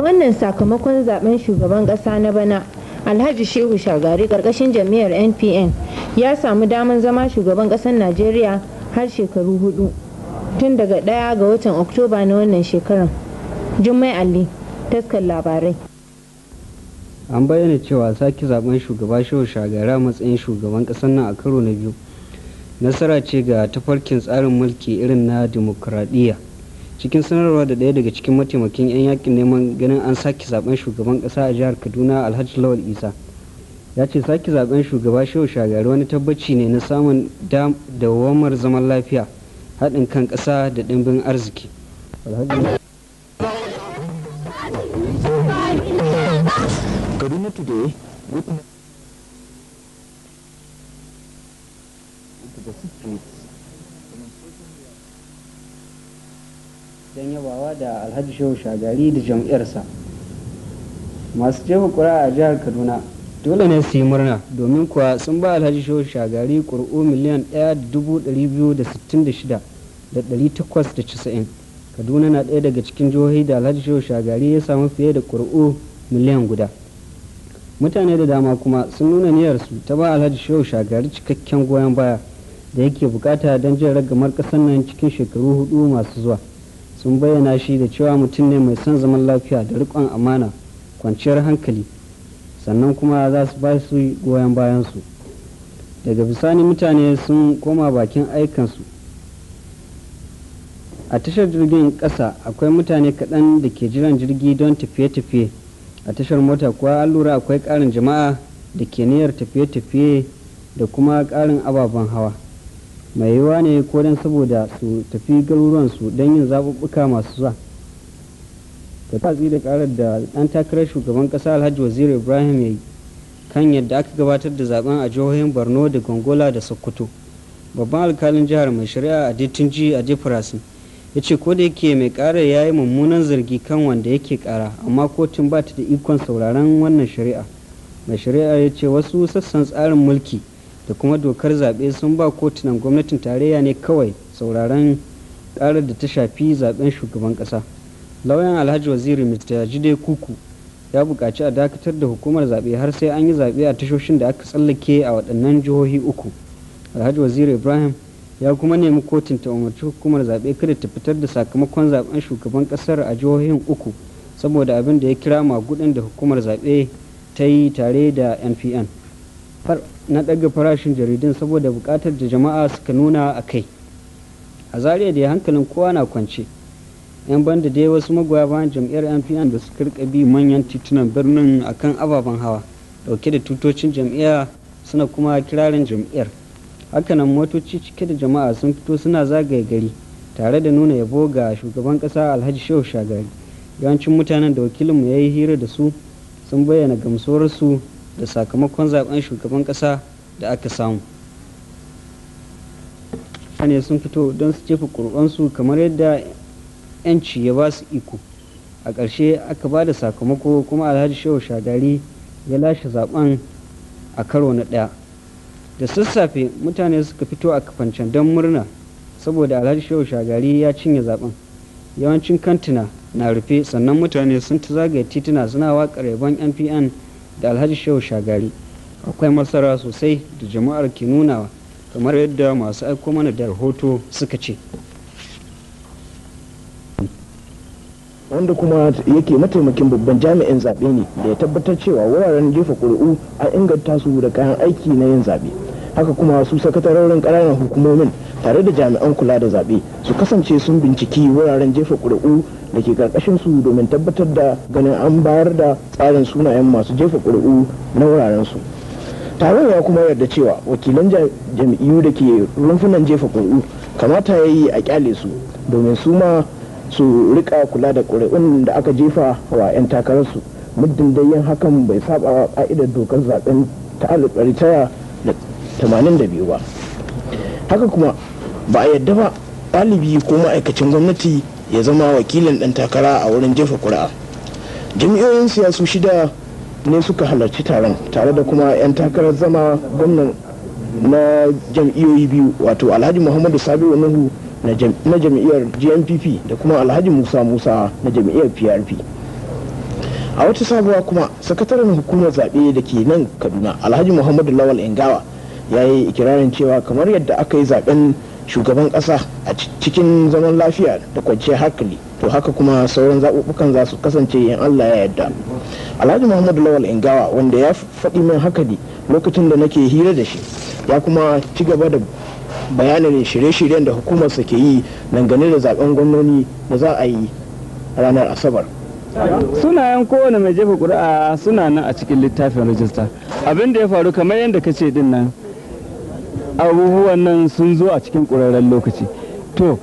wannan sakamakon zaben shugaban kasa na bana alhaji shehu shagari karkashin jami'ar npn ya samu damar zama shugaban kasar najeriya har shekaru hudu tun daga daya ga watan oktoba na wannan shekarar jummai ali taskar labarai an bayyana cewa sake zaben shugaba shehu shagari a matsayin shugaban kasar nan a karo na biyu nasara ce ga tafarkin tsarin mulki irin na dimokuraɗiyya cikin sanarwa da ɗaya daga cikin mataimakin 'yan yakin neman ganin an sake zaben shugaban ƙasa a jihar kaduna alhaji lawal isa ya ce sake zaben shugaba shehu shagari wani tabbaci ne na samun dawamar zaman lafiya haɗin kan ƙasa da ɗimbin arziki alhaji da alhaji shehu shagari da jam'iyyarsa masu jefa ƙuri'a a jihar kaduna dole ne su yi murna domin kuwa sun ba alhaji shehu shagari ƙuri'u miliyan 1,266,890 kaduna na ɗaya daga cikin jihohi da alhaji shehu shagari ya samu fiye da ƙuri'u miliyan guda mutane da dama kuma sun nuna niyyarsu ta ba alhaji shehu shagari cikakken goyon baya da yake bukata don jin ragamar ƙasar nan cikin shekaru hudu masu zuwa sun bayyana shi da cewa mutum ne mai son zaman lafiya da riƙon amana kwanciyar hankali sannan kuma za su ba su goyon bayansu daga bisani mutane sun koma bakin aikansu a tashar jirgin ƙasa akwai mutane kaɗan da ke jiran jirgi don tafiye-tafiye a tashar mota kuwa an lura akwai ƙarin jama'a da ke niyyar tafiye-tafiye da kuma ƙarin ababen hawa. mai yiwa ne ko don saboda su tafi garuruwansu don yin zaɓuɓɓuka masu zuwa Ta tatsi da ƙarar da ɗan takarar shugaban ƙasa alhaji Wazir ibrahim ya yi kan yadda aka gabatar da zaben a jihohin borno da gongola da sokoto babban alkalin jihar mai shari'a a dittinji a jefferson ya ce ko da yake mai ƙara ya yi mummunan zargi kan wanda yake ƙara amma kotun ba ta da ikon sauraron wannan shari'a mai shari'a ya ce wasu sassan tsarin mulki da kuma dokar zaɓe sun ba kotunan gwamnatin tarayya ne kawai sauraron ƙarar da ta shafi zaɓen shugaban ƙasa lauyan alhaji waziri mr jide kuku ya buƙaci a dakatar da hukumar zaɓe har sai an yi zaɓe a tashoshin da aka tsallake a waɗannan jihohi uku alhaji waziri ibrahim ya kuma nemi kotun ta umarci hukumar zaɓe kada ta fitar da sakamakon zaɓen shugaban ƙasar a jihohin uku saboda abin da ya kira magudin da hukumar zaɓe ta yi tare da npn na ɗaga farashin jaridun saboda buƙatar da jama'a suka nuna a kai a zariya da hankalin kowa na kwance yan banda dai wasu magoya bayan jam'iyyar npn da suka rika bi manyan titunan birnin akan ababen hawa dauke da tutocin jam'iyya suna kuma kirarin jam'iyyar hakanan motoci cike da jama'a sun fito suna zagaye gari tare da nuna yabo ga shugaban kasa alhaji shehu shagari yawancin mutanen da wakilinmu ya yi hira da su sun bayyana gamsuwarsu da sakamakon zaben shugaban ƙasa da aka samu mutane sun fito don su jefa kurbansu kamar yadda 'yanci ya ba su iko a ƙarshe aka ba da sakamako kuma alhaji shehu shagari ya lashe zaben a karo na ɗaya da sassafe mutane suka fito a kafancen don murna saboda alhaji shehu shagari ya cinye zaben yawancin kantina na rufe sannan mutane sun ta zagaya tituna suna waƙa rabon npn da alhaji shehu shagari akwai masara sosai da jama'ar ke nunawa kamar yadda masu aiko mana da rahoto suka ce wanda kuma yake mataimakin babban jami'in zaɓe ne da ya tabbatar cewa wuraren jefa ƙuri'u an inganta su da kayan aiki na yin zaɓe haka kuma su sakatarorin ƙananan hukumomin tare da jami'an kula da zaɓe su kasance sun binciki wuraren jefa ƙuri'u da ke karkashin su domin tabbatar da ganin an bayar da tsarin sunayen masu jefa ƙuri'u na wuraren su taron ya kuma yarda cewa wakilan jam'iyyu da ke rumfunan jefa ƙuri'u kamata ya yi a kyale su domin su ma su rika kula da ƙuri'un da aka jefa wa 'yan takararsu muddin dai yin hakan bai saba wa ka'idar dokar zaben ta 1982 ba haka kuma ba a yadda ba ɗalibi ko ma'aikacin gwamnati ya zama wakilin ɗan takara a wurin jefa kuri'a jami'oyin siyasu shida ne suka halarci taron tare da kuma 'yan takarar zama gwamnan na jam'iyoyi biyu wato alhaji muhammadu sabiu nuhu na jam'iyyar gmpp da kuma alhaji musa musa na jam'iyyar prp a wata sabuwa kuma sakataren hukumar zaɓe da ke nan kaduna alhaji muhammadu lawal ingawa ya yi ikirarin cewa kamar yadda aka yi zaɓen shugaban ƙasa a cikin zaman lafiya da kwanciyar hankali to haka kuma sauran zaɓuɓɓukan za su kasance in Allah ya yarda alhaji muhammadu lawal ingawa wanda ya faɗi min haka ne lokacin da nake hira da shi ya kuma ci gaba da bayanin shirye-shiryen da sa ke yi dangane da zaben gwamnoni da za a yi ranar asabar sunayen kowane mai jefa ƙuri'a suna nan a cikin littafin rajista abin da ya faru kamar yadda ka ce din nan abubuwan nan sun zo a cikin ƙurarren lokaci to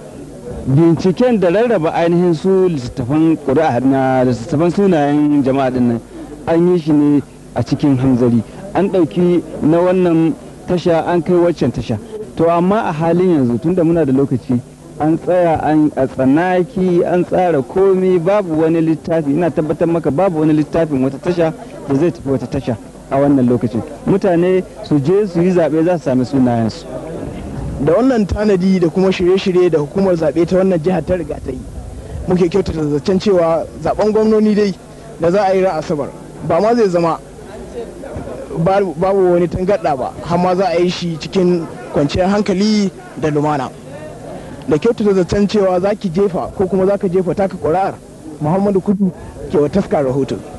binciken da rarraba ainihin su littattafan ƙuri'a na littattafan sunayen jama'a din nan an yi shi ne a cikin hamzari an ɗauki na wannan tasha an kai waccan tasha to amma a halin yanzu tunda muna da lokaci an tsaya an a tsanaki an tsara komi babu wani littafi ina tabbatar maka babu wani littafin wata tasha da zai tafi wata tasha a wannan lokacin mutane su je su yi zaɓe za su sami sunayensu da wannan tanadi da kuma shirye-shirye da hukumar zaɓe ta wannan jihar ta riga ta yi muke kyautata zaccen cewa zaben gwamnoni dai da za a yi ra'a asabar ba ma zai zama babu wani tangarɗa ba har ma za a yi shi cikin kwanciyar hankali da lumana da kyautata zaccen cewa za ki jefa ko kuma za ka jefa taka ƙuri'ar muhammadu kudu ke wa taskar rahoton